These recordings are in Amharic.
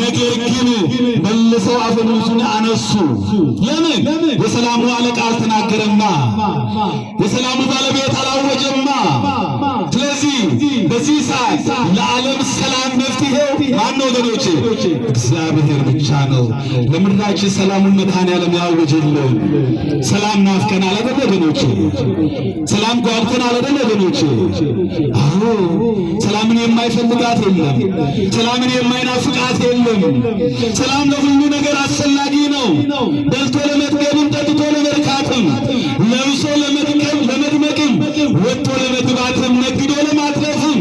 ነገር ግን መልሰው አፈሙዙን አነሱ። ለምን? የሰላሙ አለቃ አልተናገረማ፣ የሰላሙ ባለቤት አላወጀማ። ስለዚህ በዚህ ሰዓት ለዓለም ሰላም መፍትሄው ማን ወገኖች እግዚአብሔር ብቻ ነው። ለምድራችን ሰላሙን መድኃኔዓለም ያወጀልን። ሰላም ናፍቀናል አይደል ወገኖች፣ ሰላም ጓድተናል አይደል ወገኖች። አዎ ሰላምን የማይፈልጋት የለም። ሰላምን የማይናፍቃት የለም። ሰላም ለሁሉ ነገር አስፈላጊ ነው። በልቶ ለመጥገብም፣ ጠጥቶ ለመርካትም፣ ለብሶ ለመድመቅም፣ ወጥቶ ለመግባትም፣ ነግዶ ለማትረፍም፣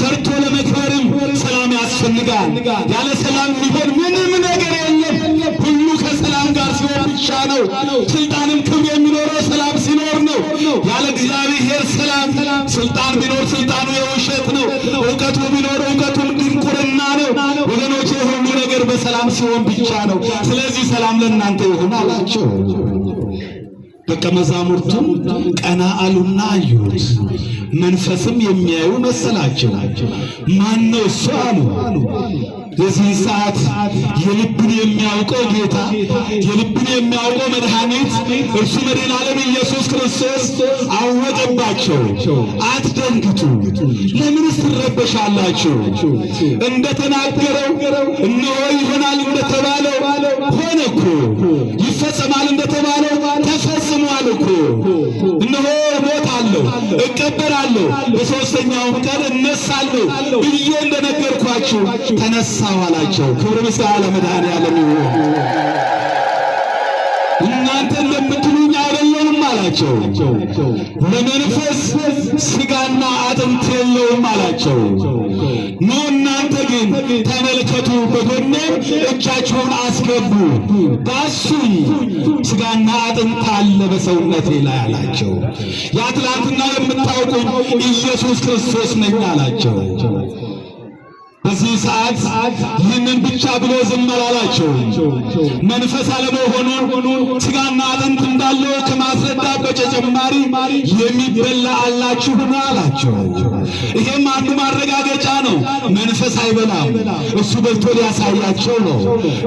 ሰርቶ ለመክበርም ሰላም ያስፈልጋል። ያለ ሰላም ሊሆን ምንም ነገር የለም። ሁሉ ከሰላም ጋር ሲሆን ብቻ ነው ስልጣንም ክብር ሲሆን ብቻ ነው። ስለዚህ ሰላም ለእናንተ ይሁን አላቸው። ደቀ መዛሙርቱም ቀና አሉና አዩት፣ መንፈስም የሚያዩ መሰላቸው። ማን ነው እሱ አሉ። በዚህ ሰዓት የልብን የሚያውቀው ጌታ የልብን የሚያውቀው መድኃኒት እርሱ መድኃኔ ኢየሱስ ክርስቶስ አወጠባቸው። አትደንግጡ፣ ለምን ትረበሻላችሁ? እንደተናገረው እነሆ ይሆናል እንደተባለው ሆነ እኮ ይፈጸማል እንደተባለው ተፈጽሟል እኮ እቀበራለሁ፣ በሦስተኛውም ቀን እነሳለሁ ብዬ እንደነገርኳችሁ ተነሳሁ አላቸው። ክብር ምስጋና ለመድኃኔዓለም ይሁን። አላቸው። ለመንፈስ ስጋና አጥንት የለውም አላቸው። ኑ እናንተ ግን ተመልከቱ፣ በጎኔ እጃችሁን አስገቡ፣ ዳሱኝ፣ ሥጋና አጥንት አለ በሰውነቴ ላይ አላቸው። የአትላንትና የምታውቁኝ ኢየሱስ ክርስቶስ ነኝ አላቸው። በዚህ ሰዓት ይህንን ብቻ ብሎ ዝም አላላቸው። መንፈስ አለመሆኑ ስጋና አጥንት እንዳለው ከማስረዳት በተጨማሪ የሚበላ አላችሁ ሆኖ አላቸው። ይሄም ሳይበላም እሱ በልቶ ሊያሳያቸው ነው።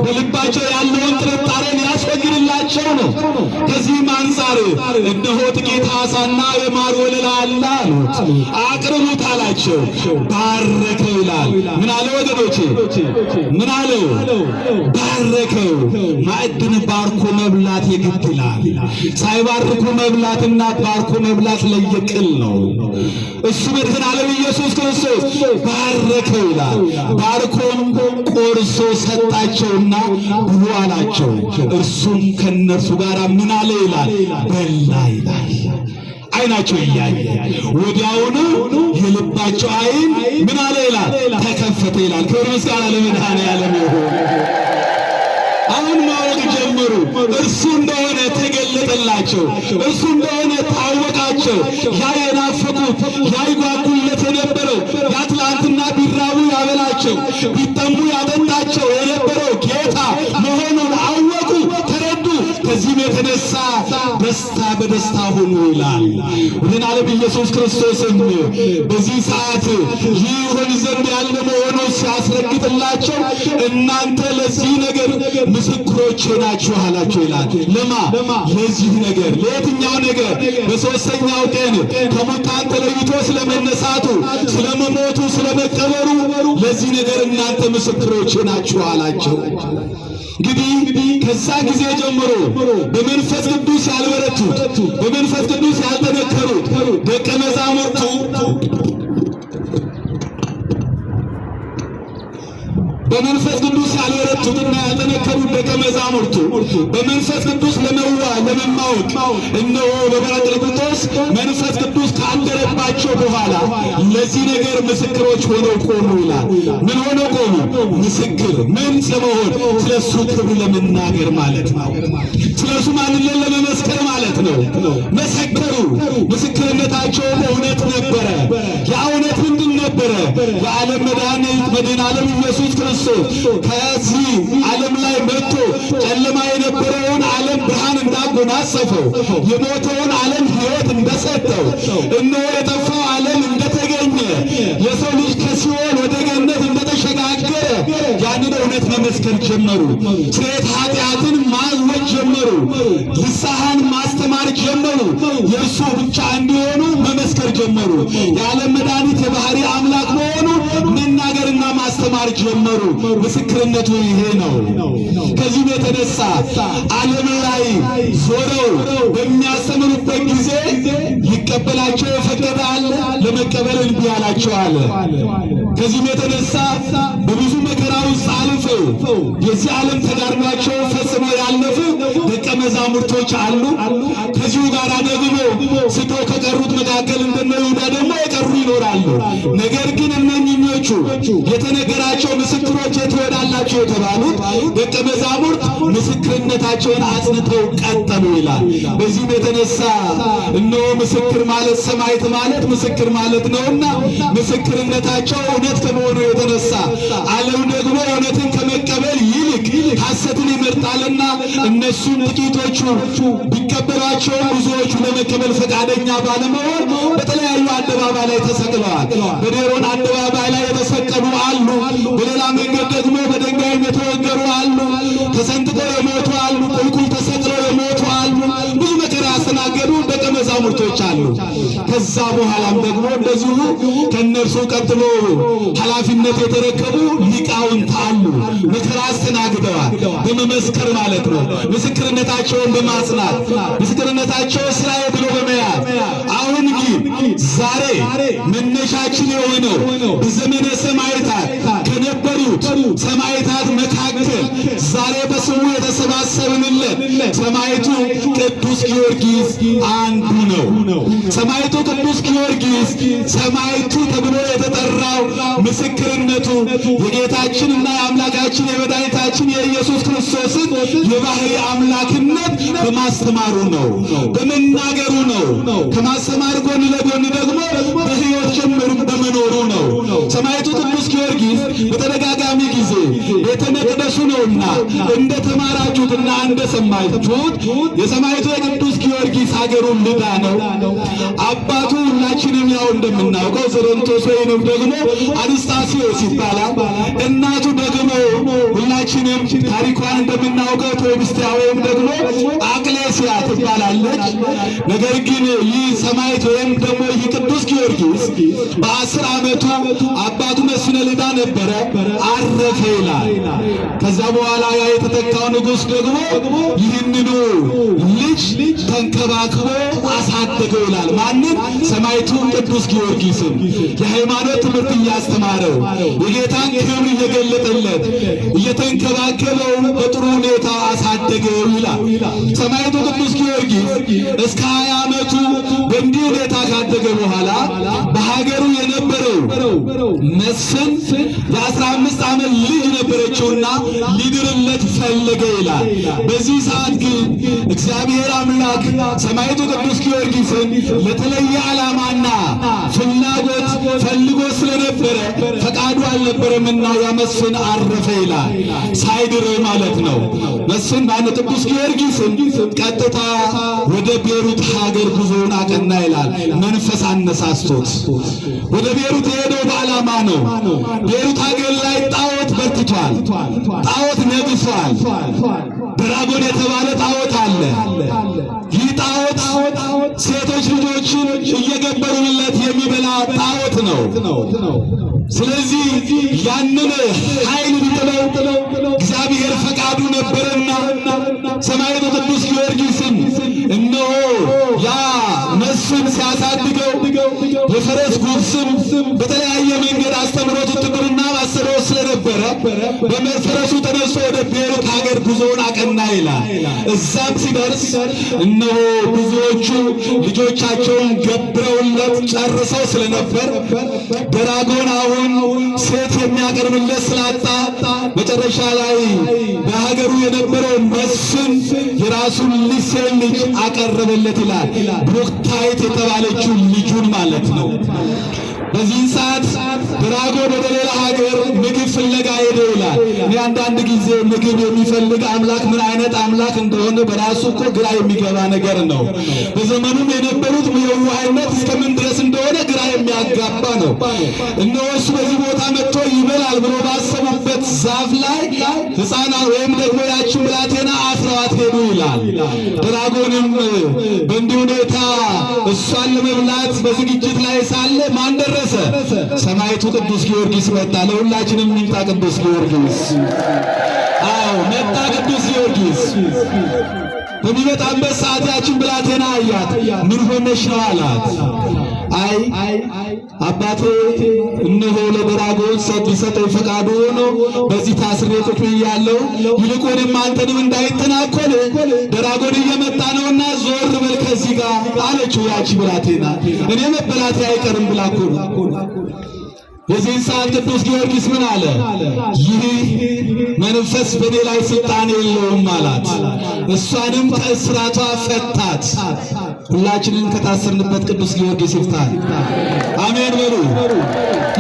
በልባቸው ያለውን ጥርጣሬ ሊያስወግድላቸው ነው። ከዚህም አንጻር እነሆ ጥቂት ዓሣና የማር ወለላ አለ አሉት። አቅርቡት አላቸው። ባረከው ይላል። ምን አለ ወገኖቼ? ምን አለው? ባረከው። ማዕድን ባርኮ መብላት የግድ ይላል። ሳይባርኩ መብላትና ባርኮ መብላት ለየቅል ነው። እሱ መድኃኔ ኢየሱስ ክርስቶስ ባረከው ይላል። ባርኮን ቆርሶ ሰጣቸውና ብሉ አላቸው። እርሱም ከእነርሱ ጋር ምን አለ ይላል በላ ይላል። አይናቸው እያየ ወዲያውኑ የልባቸው አይን ምን አለ ይላል ተከፈተ ይላል። ክብር ምስጋና ለመድኃኔዓለም ይሁን። አሁን ማወቅ ጀምሩ። እርሱ እንደሆነ ተገለጠላቸው። እርሱ እንደሆነ ታወቃቸው። ያ የናፈቁት ያ Estamos então, então, ደስታ ሁኑ ይላል። ይህን ዓለም ኢየሱስ ክርስቶስን በዚህ ሰዓት ይህ ይሆን ዘንድ ያለ መሆኑ ሲያስረግጥላቸው እናንተ ለዚህ ነገር ምስክሮች ናችሁ አላቸው ይላል። ለማ ለዚህ ነገር ለየትኛው ነገር? በሦስተኛው ቀን ከሙታን ተለይቶ ስለመነሳቱ፣ ስለመሞቱ፣ ስለመቀበሩ ለዚህ ነገር እናንተ ምስክሮች ናችሁ አላቸው። እንግዲህ ከዛ ጊዜ ጀምሮ በመንፈስ ቅዱስ ያልበ በመንፈስ ቅዱስ ያልተመከሩ ደቀ መዛሙርቱ በመንፈስ ቅዱስ ያልረቱትና ያልጠነከሩ ደቀ መዛሙርቱ በመንፈስ ቅዱስ ለመዋ ለመማወቅ እነሆ በበረ መንፈስ ቅዱስ ካደረባቸው በኋላ ለዚህ ነገር ምስክሮች ሆነው ቆሙ ይላል። ምን ሆነው ቆሙ? ምስክር ምን ስለመሆን፣ ስለሱ ክብር ለመናገር ማለት ነው። ስለሱ ማንነት ለመመስከር እውነት ነው። መሰከሩ። ምስክርነታቸው እውነት ነበረ። ያ እውነት ምንድን ነበረ? የዓለም መድኃኒት መድኃኔ ዓለም ኢየሱስ ክርስቶስ ከዚህ ዓለም ላይ መጥቶ ጨለማ የነበረውን ዓለም ብርሃን እንዳጎናጸፈው፣ የሞተውን ዓለም ሕይወት እንደሰጠው፣ እነሆ የጠፋው ዓለም እንደተገኘ፣ የሰው ልጅ ከሲኦል ወደ ገነት እንደተሸጋገረ ያንን እውነት መመስከር ጀመሩ። ስርየት ኃጢአትን ማወጅ ጀመሩ። ንስሐን የእርሱ ብቻ እንዲሆኑ መመስከር ጀመሩ። የዓለም መድኃኒት የባህሪ አምልኮ ጀመሩ። ምስክርነቱ ይሄ ነው። ከዚህም የተነሳ ዓለም ላይ ዞረው በሚያስተምሩበት ጊዜ ሊቀበላቸው የፈቀደ አለ፣ ለመቀበል እንቢ አላቸው አለ። ከዚህም የተነሳ በብዙ መከራ ውስጥ አልፎ የዚህ ዓለም ተጋድሏቸው ፈጽሞ ያለፉ ደቀ መዛሙርቶች አሉ። ከዚሁ ጋር ደግሞ ስተው ከቀሩት መካከል እንደነ ይሁዳ ደግሞ የሚጠሩ ይኖራሉ። ነገር ግን እነኝኞቹ የተነገራቸው ምስክሮች የት የተባሉት ደቀ መዛሙርት ምስክርነታቸውን አጽንተው ቀጠሉ ይላል። በዚህም የተነሳ እነሆ ምስክር ማለት ሰማይት ማለት ምስክር ማለት ነውና ምስክርነታቸው እውነት ከመሆኑ የተነሳ ዓለም ደግሞ እውነትን ከመቀበል ይልቅ ሐሰትን ይመርጣልና እነሱን ጥቂቶቹ ቢቀበሏቸውም ብዙዎቹ ለመቀበል ፈቃደኛ ባለመሆን በተለያዩ አደባባይ ላይ ተሰቅለዋል። በዴሮን አደባባይ ላይ የተሰቀሉ አሉ። በሌላ መንገድ ደግሞ በድንጋይም የተወገሩ አሉ። ተሰንጥቀው የሞቱ አሉ። ቁልቁል ተሰቅለው የሞቱ አሉ። ብዙ መከራ ያስተናገዱ ደቀ መዛሙርቶች አሉ። ከዛ በኋላም ደግሞ እንደዚሁ ከእነርሱ ቀጥሎ ኃላፊነት የተረከቡ ሊቃውንት አሉ። መከራ አስተናግደዋል። በመመስከር ማለት ነው። ምስክርነታቸውን በማጽናት ምስክርነታቸው ስራዬ ብሎ በመያዝ አሁን ዛሬ መነሻችን የሆነው በዘመነ ሰማዕታት ከነበሩ ከቀሩት ሰማዕታት መካከል ዛሬ በስሙ የተሰባሰብንለት ሰማዕቱ ቅዱስ ጊዮርጊስ አንዱ ነው። ሰማዕቱ ቅዱስ ጊዮርጊስ ሰማዕቱ ተብሎ የተጠራው ምስክርነቱ የጌታችንና የአምላካችን የመድኃኒታችን የኢየሱስ ክርስቶስን የባህሪ አምላክነት በማስተማሩ ነው፣ በመናገሩ ነው። ከማስተማር ጎን ለጎን ደግሞ በሕይወት ጭምር በመኖሩ ነው። ሰማዕቱ ቅዱስ ጊዮርጊስ በተደጋጋ በተደጋጋሚ ጊዜ ቤተ መቅደሱ ነውና እንደ ተማራችሁትና እንደ ሰማችሁት የሰማዕቱ የቅዱስ ጊዮርጊስ ሀገሩ ልዳ ነው። አባቱ ሁላችንም ያው እንደምናውቀው ዘረንጦስ ወይንም ደግሞ አንስታሲዮስ ይባላል። እናቱ ደግሞ ሁላችንም ታሪኳን እንደምናውቀው ቴዎብስቲያ ወይም ደግሞ አቅሌሲያ ትባላለች። ነገር ግን ይህ ሰማዕት ወይም ደግሞ ይህ ቅዱስ ጊዮርጊስ በአስር ዓመቱ አባቱ መስፍነ ልዳ ነበረ። አረፈ ይላል። ከዛ በኋላ ያ የተተካው ንጉሥ ደግሞ ይህንኑ ልጅ ተንከባክቦ አሳደገው ይላል። ማንም ሰማይቱ ቅዱስ ጊዮርጊስም የሃይማኖት ትምህርት እያስተማረው የጌታን ክብር እየገለጠለት እየተንከባከበው በጥሩ ሁኔታ አሳደገው ይላል። ሰማይቱ ቅዱስ ጊዮርጊስ እስከ ሀያ ዓመቱ በእንዲህ ሁኔታ ካደገ በኋላ በሀገሩ የነበረ መሰል የአስራ አምስት ዓመት ልጅ ነበረችውና ሊድርለት ፈለገ ይላል። በዚህ ሰዓት ግን እግዚአብሔር አምላክ ሰማዕቱ ቅዱስ ጊዮርጊስን ለተለየ ዓላማና ፍላጎት ፈልጎ ስለነበረ ፈቃዱ አልነበረምና ያመስፍን አረፈ ይላል። ሳይድር ማለት ነው። መስፍን ማለት ቅዱስ ጊዮርጊስን ቀጥታ ወደ ቤሩት ሀገር ጉዞውን አቀና ይላል። መንፈስ አነሳስቶት ወደ ቤሩት የሄደው በዓላማ ነው። ቤሩት ሀገር ላይ ጣዖ አበርክቷል። ጣዖት ነግሷል። ድራጎን የተባለ ጣዖት አለ። ይህ ጣዖት ሴቶች ልጆችን እየገበሩለት የሚበላ ጣዖት ነው። ስለዚህ ያንን ኃይል ቢጥለው እግዚአብሔር ፈቃዱ ነበረና ሰማዕቱ ቅዱስ ጊዮርጊስን እነሆ ያ ነሱን ሲያሳድገው የፈረስ ጉብስም በተለያየ መንገድ በመፍረሱ ተነስቶ ወደ ቤሩት ሀገር ጉዞውን አቀና ይላል። እዛም ሲደርስ እነሆ ብዙዎቹ ልጆቻቸውን ገብረውለት ጨርሰው ስለነበር ደራጎን አሁን ሴት የሚያቀርብለት ስላጣ መጨረሻ ላይ በሀገሩ የነበረው መስፍን የራሱን ሊሴ ልጅ አቀረበለት ይላል። ብሩክታይት የተባለችው ልጁን ማለት ነው። በዚህን ሰዓት ድራጎ ወደ ሌላ ሀገር ምግብ ፍለጋ ሄደ ይላል። እኔ አንዳንድ ጊዜ ምግብ የሚፈልግ አምላክ ምን አይነት አምላክ እንደሆነ በራሱ እኮ ግራ የሚገባ ነገር ነው። በዘመኑም የነበሩት የዋህነት እስከምን ድረስ እንደሆነ ግራ የሚያጋባ ነው። እነሱ በዚህ ቦታ መጥቶ ይበላል ብሎ ባሰቡበት ዛፍ ላይ ሕፃና ወይም ደግሞ ያች ብላቴና አስረዋት ሄዱ ይላል። ድራጎንም በእንዲህ ሁኔታ እሷን ለመብላት በዝግጅት ላይ ሳለ ማንደረ ደረሰ። ሰማይቱ ቅዱስ ጊዮርጊስ መጣ። ለሁላችንም ይምጣ ቅዱስ ጊዮርጊስ። አዎ መጣ ቅዱስ ጊዮርጊስ። በሚመጣበት ሰዓት ያችን ብላቴና አያት። ምን ሆነሽ ነው አላት። አይ አባቴ እነሆ ለደራጎን ሰጥ ሊሰጠው ፈቃዱ ሆኖ በዚህ ታስሬ ቁጭ ያለው ይልቁንም አንተንም እንዳይተናኮል ደራጎን እየመጣ ነውና ዞር እዚህ ጋር አለችው ያቺ ብላቴና እኔ መበላቴ አይቀርም ብላ እኮ የዚህን ሰዓት ቅዱስ ጊዮርጊስ ምን አለ? ይህ መንፈስ በኔ ላይ ስልጣን የለውም አላት። እሷንም ከእስራቷ ፈታት። ሁላችንን ከታሰርንበት ቅዱስ ጊዮርጊስ ይፍታል። አሜን በሉ።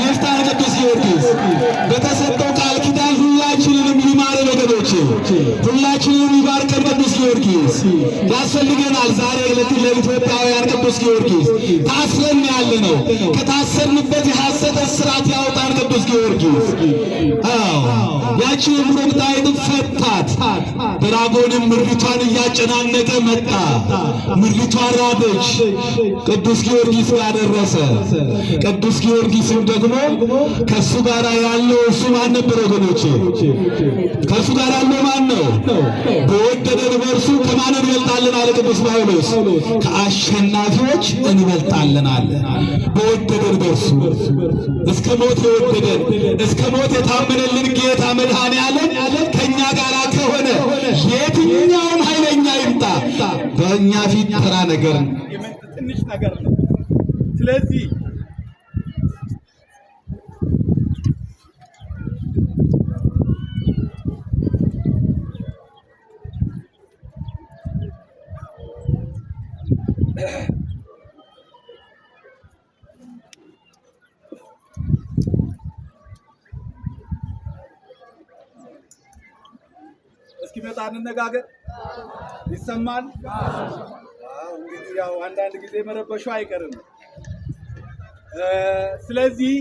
ይፍታል ቅዱስ ጊዮርጊስ በተሰጠው ይማረ ነገዶች ሁላችንም ይባርከን ቅዱስ ጊዮርጊስ ያስፈልገናል። ዛሬ ዕለት ለኢትዮጵያውያን ቅዱስ ጊዮርጊስ ታስረን ያለ ነው። ከታሰርንበት የሐሰት እስራት ያወጣን ቅዱስ ጊዮርጊስ። አዎ ያቺ ፈታት። ድራጎንም ምሪቷን እያጨናነቀ መጣ። ምሪቷ ራበች። ቅዱስ ጊዮርጊስ ያደረሰ ቅዱስ ጊዮርጊስም ደግሞ ከእሱ ጋር ያለው እሱ ማን ነበር ወገኖቼ? ከእሱ ጋር ያለ ማን ነው? በወደደን በእርሱ ከማን እንበልጣለን አለ ቅዱስ ጳውሎስ። ከአሸናፊዎች እንበልጣለን አለ። በወደደን በእርሱ እስከ ሞት የወደደን እስከ ሞት የታመነልን ጌታ መድኃኔ ዓለም ከእኛ ጋር ከሆነ የትኛውም ኃይለኛ ይምጣ በእኛ ፊት ተራ ነገር ነው። ስለዚህ እስኪመጣ እንነጋገር። ይሰማል። እንግዲህ ያው አንዳንድ ጊዜ መረበሹ አይቀርም። ስለዚህ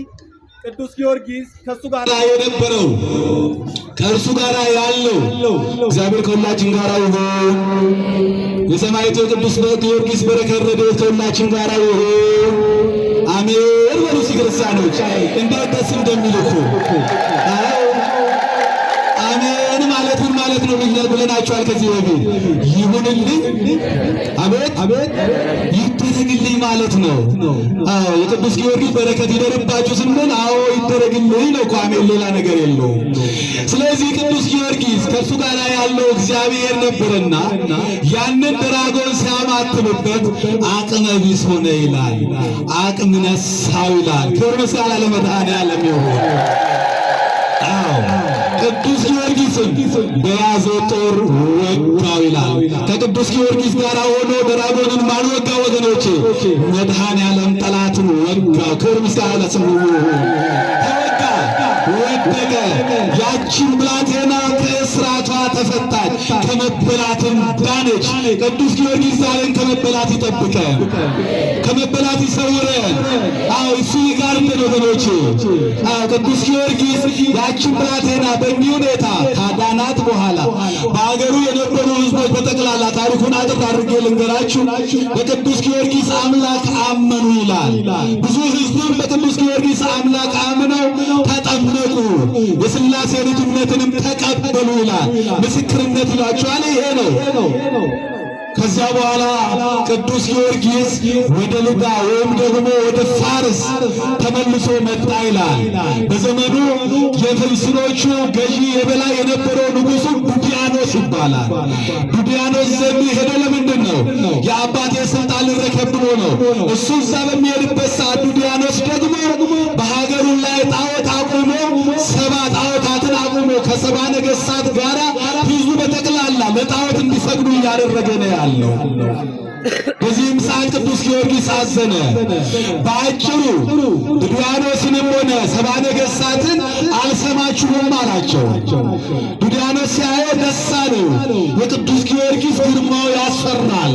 ቅዱስ ጊዮርጊስ ከእሱ ጋር የነበረው ከእርሱ ጋር ያለው እግዚአብሔር ከሁላችን ጋር ይሁን። የሰማዕቱ ቅዱስ ጊዮርጊስ በረከት ረድኤት ከሁላችን ጋር ይሁን። አሜን። ወሩሲ ክርስቲያኖች እንዴት ደስ እንደሚል እኮ ይሁንልህ ብለናቸዋል። ከዚህ በፊት ይሁንልኝ፣ አቤት አቤት፣ ይደረግልኝ ማለት ነው። አዎ የቅዱስ ጊዮርጊስ በረከት ይደርባችሁ ስንል አዎ ይደረግልህ ነው ቋሜን፣ ሌላ ነገር የለው። ስለዚህ ቅዱስ ጊዮርጊስ ከእሱ ጋር ያለው እግዚአብሔር ነበርና ያንን ድራጎን ሲያማትብበት አቅመ ቢስ ሆነ ይላል፣ አቅም ነሳው ይላል። ክብር ምስጋና ለመድኃኔዓለም ይሁን። በያዘው ጦር ወጋው ይላል። ከቅዱስ ጊዮርጊስ ጋር ሆኖ ደራጎንን ማን ወጋ? ወገኖቼ መድኃኔ ዓለም ጠላትን ወጋው። ክብር ምስጋና ለስሙ ይሁን። ተጠበቀ። ያችን ብላቴና ከእስራቷ ተፈታች፣ ከመበላትም ዳነች። ቅዱስ ጊዮርጊስ ዛሬን ከመበላት ይጠብቀ፣ ከመበላት ይሰውረን። አዎ እሱ ይጋርደን ወገኖች። ቅዱስ ጊዮርጊስ ያችን ብላቴና በእኒህ ሁኔታ ካዳናት በኋላ በአገሩ የነበሩ ሕዝቦች በጠቅላላ ታሪኩን አጥር አድርጌ ልንገራችሁ። በቅዱስ ጊዮርጊስ አምላክ አመኑ ይላል። ብዙ ሕዝብም በቅዱስ ጊዮርጊስ አምላክ አምነው ተጠመቁ። የሥላሴ ልጅነትንም ተቀበሉ ይላል። ምስክርነት ይላችኋል። ይሄ ነው። ከዚያ በኋላ ቅዱስ ጊዮርጊስ ወደ ልዳ ወይም ደግሞ ወደ ፋርስ ተመልሶ መጣ ይላል። በዘመኑ የፍልስሎቹ ገዢ የበላይ የነበረው ንጉሱ ዱዲያኖስ ይባላል። ቡዲያኖስ ዘንድ ሄደ። ለምንድን ነው? የአባቴ ስልጣን ልረከብ ብሎ ነው። እሱ እዛ በሚሄድበት ሰዓት ቡዲያኖስ ደግሞ በሀገሩ ላይ ጣዖት ነው ከሰባ ነገሥታት ጋር ብዙ በጠቅላላ ለጣዖት እንዲሰግዱ እያደረገ ነው ያለው። በዚህም ሰዓት ቅዱስ ጊዮርጊስ አዘነ። በአጭሩ ድድያኖስንም ሆነ ሰባ ነገሥታትን አልሰማችሁም አላቸው። ዱዲያኖ ሲያየው ደስ አለው። የቅዱስ ጊዮርጊስ ግርማው ያስፈራል፣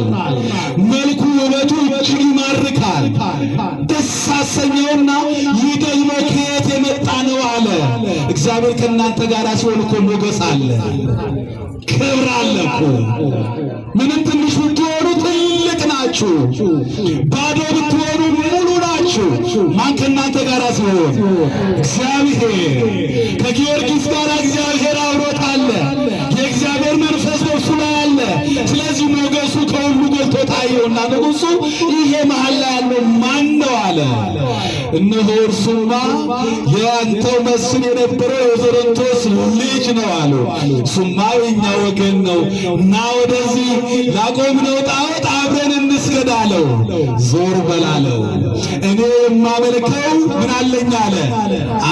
መልኩ ውበቱ እጅግ ይማርካል። ደስ አሰኘውና ይህ ደግሞ ከየት የመጣ ነው አለ። እግዚአብሔር ከእናንተ ጋር ሲሆን እኮ ሞገስ አለ፣ ክብር አለ እኮ ምንም ትንሽ ብትሆኑ ትልቅ ናችሁ። ባዶ ብትሆኑ አላችሁ? ማን ከእናንተ ጋር ሲሆን? እግዚአብሔር ከጊዮርጊስ ጋር እግዚአብሔር አብሮት አለ። ስለዚህ ሞገሱ ከሁሉ ጎልቶ ታየውና ንጉሱ ይሄ መሀል ላይ ያለው ማን ነው አለ። እነሆ እርሱማ የአንተው መስል የነበረው የዘረንቶስ ልጅ ነው አሉ። እሱማ የኛ ወገን ነው እና ወደዚህ ላቆም ነው ጣዖት አብረን እንስገድ አለው። ዞር በላለው እኔ የማመልከው ምን አለኝ አለ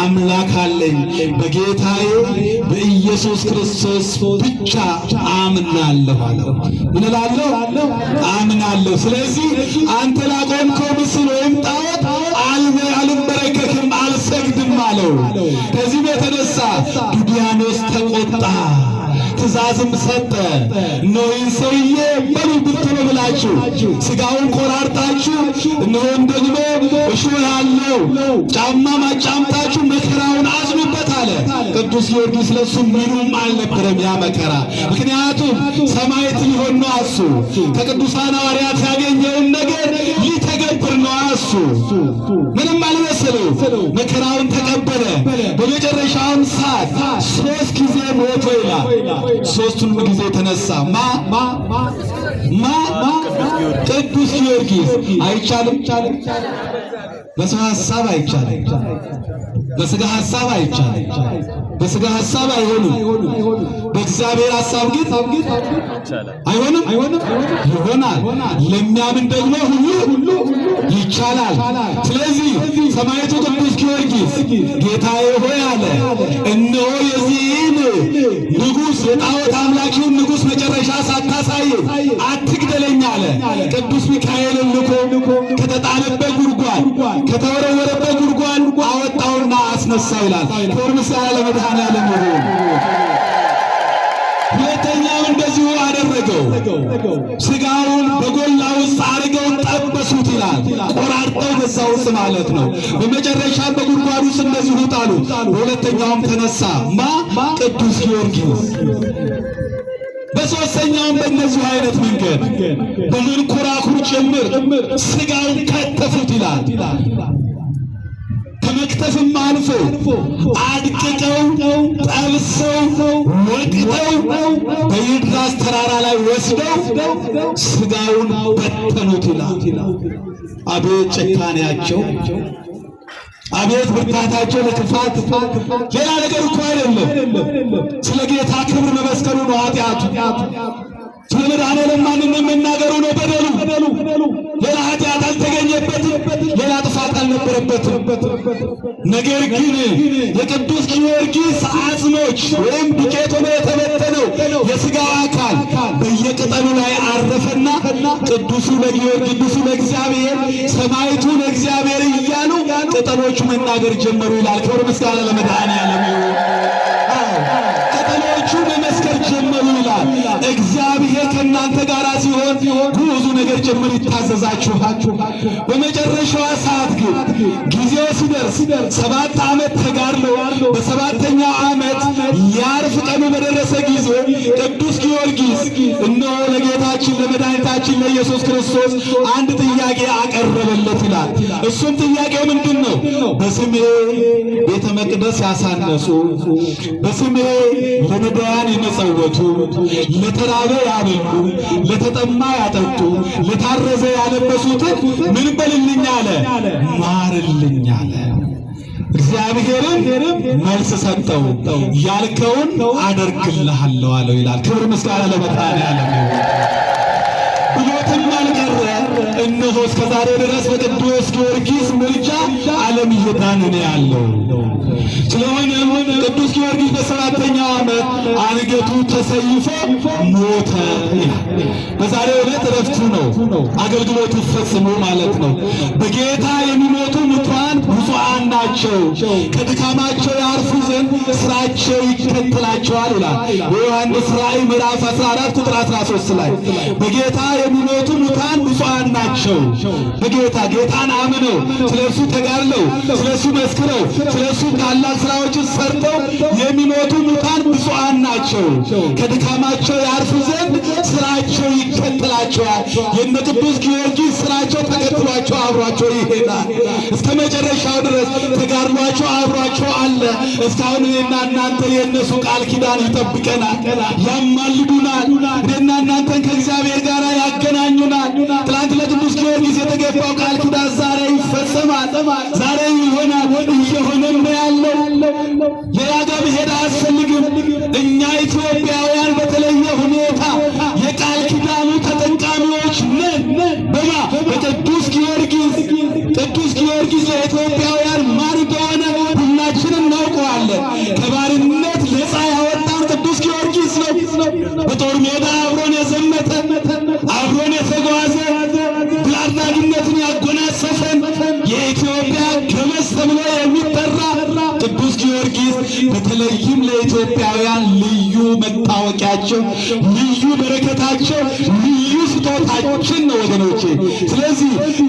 አምላክ አለኝ። በጌታዬ በኢየሱስ ክርስቶስ ብቻ አምናለሁ አለው። ምን እላለሁ? አምናለሁ። ስለዚህ አንተ ላቆምከው ምስል ወይም ጣዖት አልበ አልሰግድም አለው። ከዚህም የተነሳ ዱድያኖስ ተቆጣ። ትእዛዝም ሰጠ። እነሆን ሰውዬ በሉ ብትሉ ብላችሁ ስጋውን ቆራርጣችሁ እነሆን ደግሞ እሾህ ያለው ጫማ ማጫምታችሁ መከራውን አጽኑበት አለ። ቅዱስ ጊዮርጊስ ለሱ ምኑም አልነበረም ያ መከራ። ምክንያቱም ሰማዕት ሊሆን ነው እሱ ከቅዱሳን ሐዋርያት ያገኘውን ነገር ምስክር ነው። እሱ ምንም አልመሰለው፣ መከራውን ተቀበለ። በመጨረሻውም ሰዓት ሶስት ጊዜ ሞቶ ይላል። ሶስቱንም ጊዜ ተነሳ። ማ ማ ማ ቅዱስ ጊዮርጊስ። አይቻልም፣ በሰው ሀሳብ አይቻልም፣ በስጋ ሀሳብ አይቻልም። በስጋ ሐሳብ አይሆንም፣ በእግዚአብሔር ሐሳብ ግን አይሆንም። ይሆናል ለሚያምን ደግሞ ሁሉ ይቻላል። ስለዚህ ሰማዕቱ ቅዱስ ጊዮርጊስ ጌታዬ ሆይ አለ፣ እነሆ የዚህን ንጉሥ የጣዖት አምላኪውን ንጉሥ መጨረሻ ሳታሳይ አትግደለኝ አለ። ቅዱስ ሚካኤልን ልኮ ከተጣለበት ጉድጓድ ከተወረ ተነሳ ይላል። ክብር ምስጋና ለመድኃኔዓለም ይሁን። ሁለተኛው እንደዚሁ አደረገው። ስጋውን በጎላ ውስጥ አድርገው ጠበሱት ይላል። ቆራርጠው በዛ ውስጥ ማለት ነው። በመጨረሻ በጉድጓድ ውስጥ እንደዚሁ ጣሉት። በሁለተኛውም ተነሳ ማ ቅዱስ ጊዮርጊስ በሦስተኛውም በእነዚሁ አይነት መንገድ በምንኩራኩር ጭምር ስጋውን ከተፉት ይላል። ከመቅጠፍም አልፎ አድቅቀው ጠብሰው ወቅተው በይድራስ ተራራ ላይ ወስደው ስጋውን በተኑት ይላል። አቤት ጭካኔያቸው! አቤት ብርታታቸው ለክፋት! ሌላ ነገር እኮ አይደለም። ስለ ጌታ ክብር መመስከሩ ነው ኃጢአቱ። ስለ መድኃኔዓለም ማንንም መናገሩ ነው በደሉ የለበትም። ነገር ግን የቅዱስ ጊዮርጊስ አጽሞች ወይም ዱቄት ነው የተበተነው የስጋ አካል በየቅጠሉ ላይ አረፈና ቅዱሱ ለቅዱሱ ለእግዚአብሔር ሰማይቱ ለእግዚአብሔር እያሉ ቅጠሎቹ መናገር ጀመሩ ይላል። ክብር ምስጋና ለመድኃኔዓለም። እግዚአብሔር ከእናንተ ጋር ሲሆን ብዙ ነገር ጭምር ይታዘዛችኋል። በመጨረሻዋ ሰዓት ግን ጊዜው ሲደርስ ሰባት ዓመት ተጋድሎ በሰባተኛው ዓመት ያርፍ ቀኑ በደ ለጌታችን ለኢየሱስ ክርስቶስ አንድ ጥያቄ አቀረበለት ይላል። እሱም ጥያቄው ምንድን ነው? በስሜ ቤተ መቅደስ ያሳነሱ፣ በስሜ ለነዳያን የመጸወቱ፣ ለተራበ ያበሉ፣ ለተጠማ ያጠጡ፣ ለታረዘ ያለበሱትን ምን በልልኝ አለ፣ ማርልኝ አለ። እግዚአብሔርም መልስ ሰጠው፣ ያልከውን አደርግልሃለሁ አለው ይላል። ክብር ምስጋና ለመጣን ያለ እነሆ እስከ ዛሬ ድረስ በቅዱስ ጊዮርጊስ ምልጃ ዓለም እየዳነ ያለው። ስለሆነም ቅዱስ ጊዮርጊስ በሰባተኛው ዓመት አንገቱ ተሰይፎ ሞተ። በዛሬ ዕለት እረፍቱ ነው፣ አገልግሎቱ ፈጽሞ ማለት ነው። በጌታ የሚሞቱ ሙቷን ብፁዓን ናቸው፣ ከድካማቸው ያርፉ ዘንድ ስራቸው ይከተላቸዋል ይላል በዮሐንስ ራእይ ምዕራፍ 14 ቁጥር 13 ላይ በጌታ የሚሞቱ ሙታን ብፁዓን ናቸው በጌታ ጌታን አምነው ስለ እሱ ተጋድለው ስለ እሱ መስክረው ስለ እሱ ታላቅ ስራዎችን ሰርተው የሚሞቱ ሙታን ብፁዓን ናቸው። ከድካማቸው ያርፉ ዘንድ ስራቸው ይከተላቸዋል። የነ ቅዱስ ጊዮርጊስ ስራቸው ተከትሏቸው አብሯቸው ይሄዳል። እስከ መጨረሻው ድረስ ተጋድሏቸው አብሯቸው አለ። እስካሁን እኔና እናንተ የእነሱ ቃል ኪዳን ይጠብቀናል፣ ያማልዱናል፣ እኔና እናንተን ከእግዚአብሔር ጋር ያገናኙናል። ትላንት ቅዱስ ጊዮርጊስ የተገባው ቃል ኪዳን ዛሬ ይፈጸማል። ዛሬ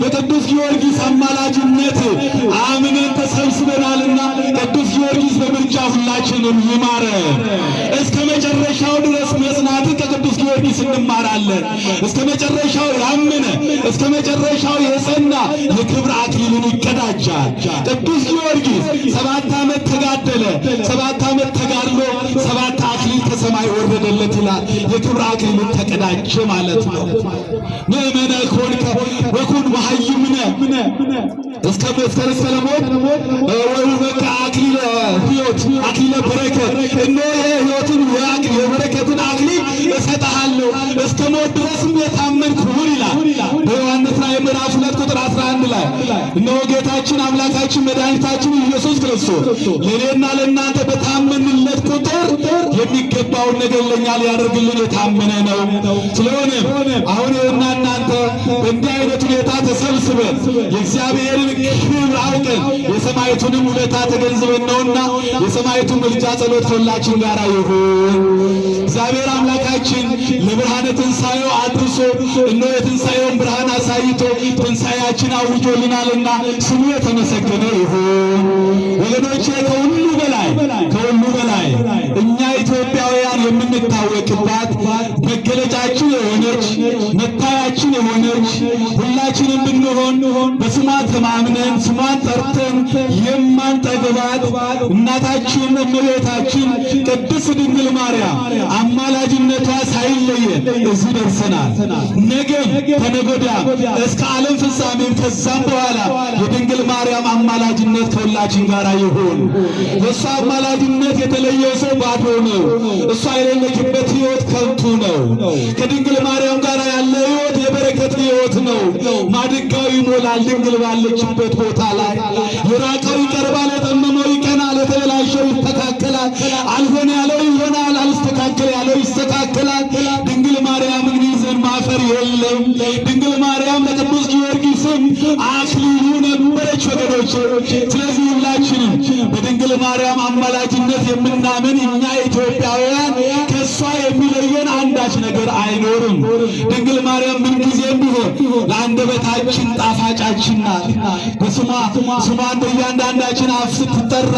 በቅዱስ ጊዮርጊስ አማላጅነት አምነን ተሰብስበናልና ቅዱስ ጊዮርጊስ በምርጫ ሁላችንም ይማረ። መጨረሻው ድረስ መጽናት ከቅዱስ ጊዮርጊስ እንማራለን። እስከ መጨረሻው ያመነ እስከ መጨረሻው የጸና የክብር አክሊሉን ይቀዳጃል። ቅዱስ ጊዮርጊስ ሰባት ዓመት ተጋደለ። ሰባት ዓመት ተጋድሎ ሰባት አክሊል ከሰማይ ወረደለት ይላል። የክብር አክሊሉን ተቀዳጀ ማለት ነው። ምእመነ ኮንከ ወኩን ወሃይምነ እስከ መፍተር ሰለሞን ወይ በቃ አክሊለ ሕይወት አክሊለ በረከት እኖ የሕይወትን አክሊል የበረከቱን አክሊል እሰጥሃለሁ እስከ ሞት ድረስም የታመንክ ሁን ይላል። በዮሐንስ ራዕይ ምዕራፍ ሁለት ቁጥር አስራ አንድ ላይ እነሆ ጌታችን አምላካችን መድኃኒታችን ኢየሱስ ክርስቶስ ለእኔና ለእናንተ በታመንለት ቁጥር የሚ የሚገባውን ነገር ለኛ ሊያደርግልን የታመነ ነው። ስለሆነ አሁን ይኸውና እናንተ በእንዲህ አይነት ሁኔታ ተሰብስበን የእግዚአብሔርን ክብር አውቀን የሰማይቱንም ውለታ ተገንዝበን ነውና የሰማይቱን ምልጃ ጸሎት ከሁላችን ጋር ይሁን። እግዚአብሔር አምላካችን ለብርሃነ ትንሣኤው አድርሶ እነሆ የትንሣኤውን ብርሃን አሳይቶ ትንሣኤያችን አውጆልናልና ስሙ የተመሰገነ ይሁን። ወገኖቼ ከሁሉ በላይ ከሁሉ በላይ እኛ எம்பி የምታወቅባት መገለጫችን የሆነች መታያችን የሆነች ሁላችንም ብንሆን በስሟ ተማምነን ስሟን ጠርተን የማንጠግባት እናታችን እመቤታችን ቅድስት ድንግል ማርያም አማላጅነቷ ሳይለየን እዚህ ደርሰናል። ነገም ከነጎዳም እስከ ዓለም ፍጻሜም ከዛም በኋላ የድንግል ማርያም አማላጅነት ከሁላችን ጋር ይሁን። የእሷ አማላጅነት የተለየ ሰው ባዶ ነው። እሷ የምንመለክበት ህይወት ከንቱ ነው። ከድንግል ማርያም ጋር ያለ ህይወት የበረከት ህይወት ነው። ማድጋው ይሞላል። ድንግል ባለችበት ቦታ ላይ የራቀው ይቀርባል፣ የጠመመው ይቀናል፣ የተበላሸው ይስተካከላል፣ አልሆን ያለው ይሆናል፣ አልስተካከል ያለው ይስተካከላል። ድንግል ማርያም አፈር የለም። ድንግል ማርያም ለቅዱስ ጊዮርጊስም አክሊሉ ነበረች ወገኖች። ስለዚህ ሁላችንም በድንግል ማርያም አማላጅነት የምናምን እኛ ኢትዮጵያውያን ከእሷ የሚለየን አንዳች ነገር አይኖርም። ድንግል ማርያም ምንጊዜም ቢሆን ለአንደበታችን ጣፋጫችን ናት። በስሟ ስሟ እንደ እያንዳንዳችን አፍ ስትጠራ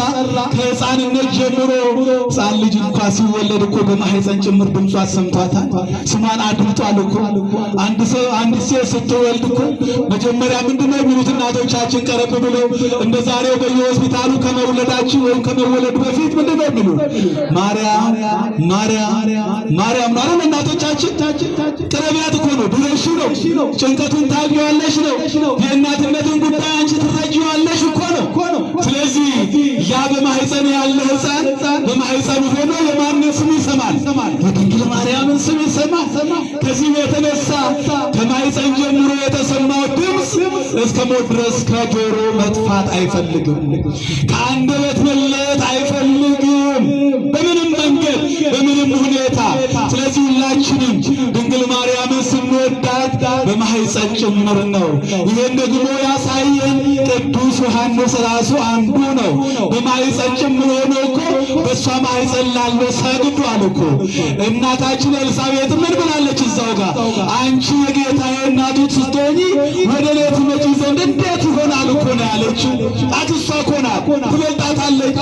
ከሕፃንነት ጀምሮ ሕፃን ልጅ እንኳ ሲወለድ እኮ በማህፀን ጭምር ድምጿ ሰምቷታል። ስሟን አድምጧል እኮ አንድ ሰው አንድ ሴት ስትወልድ እኮ መጀመሪያ ምንድን ነው የሚሉት እናቶቻችን ቀረብ ብለው እንደ ዛሬው በየሆስፒታሉ ከመውለዳችን ወይም ከመወለዱ በፊት ምንድን ነው የሚሉ ማርያም ማርያም ማርያም ነው አይደል? እናቶቻችን ቅረቢያት እኮ ነው ድረሹ ነው ጭንቀቱን ታውቂዋለሽ ነው የእናትነትን ጉዳይ አንቺ ትረጂዋለሽ እኮ ነው። ስለዚህ ያ በማህፀን ያለ ሕፃን በማህፀኑ ሆኖ የማንን ስም ይሰማል? የድንግል ማርያምን ስም ይሰማል። ከዚህ የተነ ሲነሳ ከማይፀን ጀምሮ የተሰማው ድምፅ እስከ ሞት ድረስ ከጆሮ መጥፋት አይፈልግም። ከአንደበት ጭምር ነው። ይህን ደግሞ ያሳየን ቅዱስ ዮሐንስ ራሱ አንዱ ነው። በማኅፀን ጭምር ሆኖ እኮ በእሷ ማኅፀን ላለ ሰግዷል እኮ። እናታችን ኤልሳቤጥ ምን ብላለች እዛው ጋር? አንቺ የጌታዬ እናቱ ስትሆኚ ወደ እኔ ትመጪ ዘንድ እንዴት ይሆናል እኮ ነው ያለችው። አትሷ ኮና ትበልጣታለች።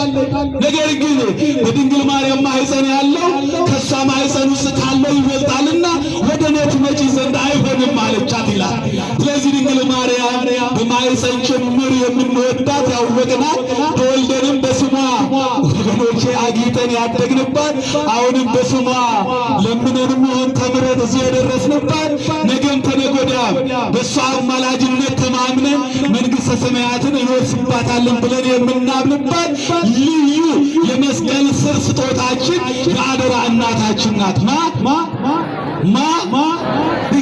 ነገር ግን በድንግል ማርያም ማኅፀን ያለው ከእሷ ማኅፀን ውስጥ ካለው ይበልጣልና ወደ እኔ ትመጪ ዘንድ አይሆንም አለቻት ይላል። ይችላል። ስለዚህ ድንግል ማርያም በማኅፀን ጭምር የምንወዳት ያወቅናት፣ ተወልደንም በስሟ ወገኖቼ አጊጠን ያደግንባት፣ አሁንም በስሟ ለምነንም ሆን ተምረን እዚህ የደረስንባት፣ ነገም ተነገ በእሷ አማላጅነት ተማምነን መንግሥተ ሰማያትን እንወርስባታለን ብለን የምናምንባት ልዩ የመስቀል ስር ስጦታችን የአደራ እናታችን ናት ማ ማ ማ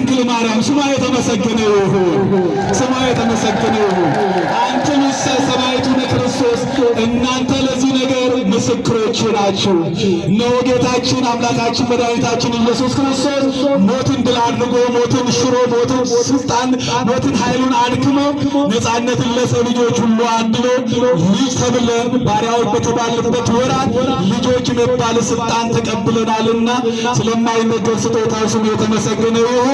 ድንግል ማርያም ስሟ የተመሰገነ ይሁን፣ ስሟ የተመሰገነ ይሁን። አንተ ንሰ ሰማይቱ ክርስቶስ እናንተ ለዚህ ነገር ምስክሮች ናችሁ። ነው ጌታችን አምላካችን መድኃኒታችን ኢየሱስ ክርስቶስ ሞትን ድል አድርጎ ሞትን ሽሮ ሞትን ስልጣን ሞትን ኃይሉን አድክሞ ነፃነትን ለሰው ልጆች ሁሉ አንድሎ ልጅ ተብለ ባሪያዎች በተባልንበት ወራት ልጆች መባል ስልጣን ተቀብለናልና ስለማይነገር ስጦታው ስሙ የተመሰገነ ይሁን።